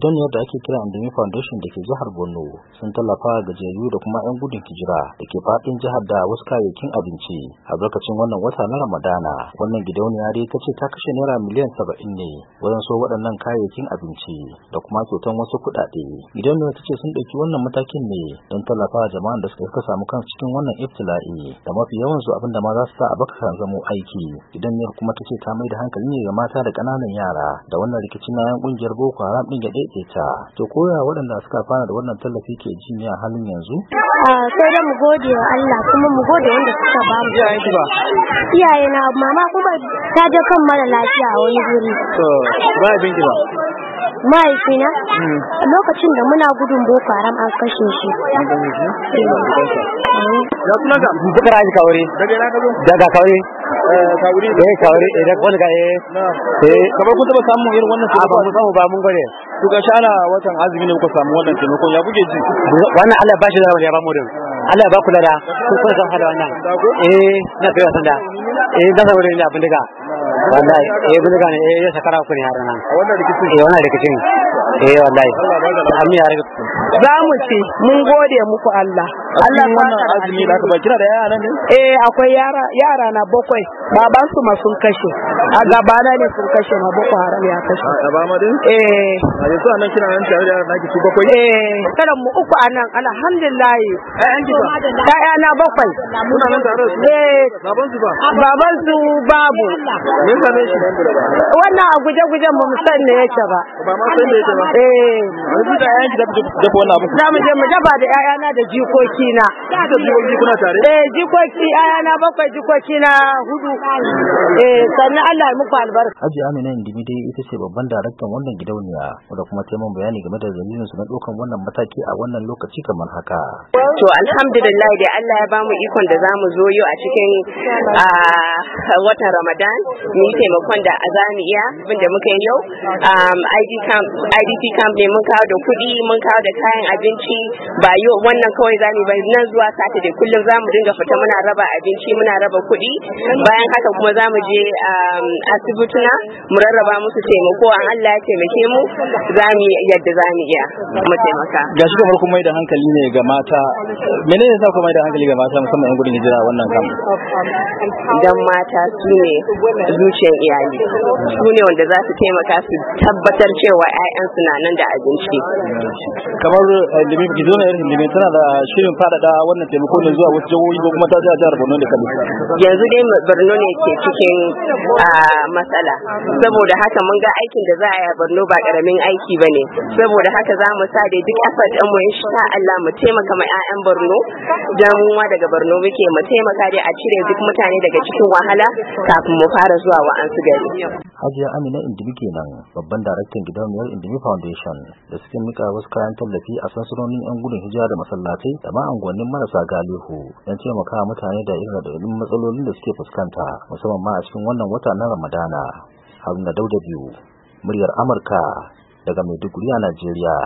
gidauniyar da ake kira Andami Foundation da ke jihar Borno sun tallafa gajiyayyu da kuma 'yan gudun hijira da ke fadin jihar da wasu kayayyakin abinci a lokacin wannan wata na Ramadana. Wannan gidauniya dai ta ce ta kashe naira miliyan saba'in ne wajen so waɗannan kayayyakin abinci da kuma kyautan wasu kuɗaɗe. Gidauniyar ta ce sun ɗauki wannan matakin ne don tallafa jama'an da suka samu kansu cikin wannan iftila'i da mafi su abin da ma za su sa a baka zamo aiki. Gidauniyar kuma ta ce ta mai da hankali ne ga mata da ƙananan yara da wannan rikicin na 'yan ƙungiyar Boko Haram ɗin ya ke ta to koya waɗanda suka fara da wannan tallafi ke ji ne a halin yanzu ah, sai da mu gode wa Allah kuma mu gode wanda suka ba mu iyaye na mama kuma ta je kan mara lafiya a wani guri to ba abin ba mahaifina hmm. a lokacin da muna gudun boko haram an kashe shi eh. ya kuma ga bukar kawari daga kawari kawari eh kawari eh, eh wani ga eh. eh kamar kun taba samun irin wannan su ah, ba mu samu ba mun gode kuka ga shi ana watan azumi ne kuka samu wannan taimakon ya buge ji wannan Allah ba shi da rabar ya ba mu din Allah ba ku lada ku kuma san hada wannan eh na kai wannan da eh da saboda ne abin daga wallahi eh abin daga ne eh ya sakara ku ne har nan wannan rikicin eh wannan rikicin eh wallahi Allah ba da rabar ya rage za mu ci mun gode muku Allah Allah ya wannan azumi da aka ba kira da yara ne eh akwai yara yara na bakwai baban su ma sun kashe a gaba na ne sun kashe ma boko haram ya kashe a gaba ma din eh a yanzu anan kina nan tare da na kici bakwai eh kada mu uku anan alhamdulillah eh an kika ta na bakwai kuna nan tare da su eh baban su ba baban su babu mun ne shi ba? wannan a guje guje mu musan ne yake ba ba ma san ne yake ba eh mun da yayan da da wannan abu Na mu je mu daba da yaya na da jikoki jikoki na da jikoki kuna tare eh jikoki bakwai jikoki na hudu eh sannan Allah ya muku albarka Haji Amina Indimi dai ita ce babban daraktan wannan gidauniya da kuma ta mun bayani game da dalilin su na dokan wannan mataki a wannan lokaci kamar haka to alhamdulillah da Allah ya bamu ikon da zamu zo yau a cikin watan Ramadan mu taimakon da azami iya abin da muka yi yau IDP camp ne mun kawo da kuɗi mun kawo da kayan abinci ba yau wannan kawai zamu arba'in nan zuwa da kullum za mu dinga fita muna raba abinci muna raba kuɗi bayan haka kuma za mu je um, asibituna mu rarraba musu taimako an Allah ya taimake mu za mu yadda za mu iya mu taimaka ga shi kamar kuma da hankali ne ga mata menene sa kuma da hankali ga mata musamman yan gudun hijira wannan kam dan mata su ne zuciyar iyali su ne wanda za su taimaka su tabbatar cewa ƴaƴansu na nan da abinci kamar limin gizo na irin limin tana da shirin faɗaɗa wannan taimako ne zuwa wasu jihohi ko kuma ta a jihar Borno da Kano. Yanzu dai Borno ne ke cikin ah, matsala saboda haka mun ga aikin da za a yi Borno ba karamin aiki ba ne saboda haka za mu sa dai duk effort ɗin mu insha Allah mu taimaka ma 'ya'yan Borno dan daga Borno muke mu taimaka dai a cire duk mutane daga cikin wahala kafin mu fara zuwa wa'ansu gari. Hajiya Amina Indimi kenan babban daraktan gidauniyar Indimi Foundation da suke mika wasu kayan tallafi a sansanonin 'yan gudun hijira da masallatai da ma unguwannin marasa galihu don taimaka mutane da irin raɗaɗin matsalolin da suke fuskanta musamman ma a cikin wannan wata na ramadana haruna dauda biyu muryar amurka daga maiduguri a najeriya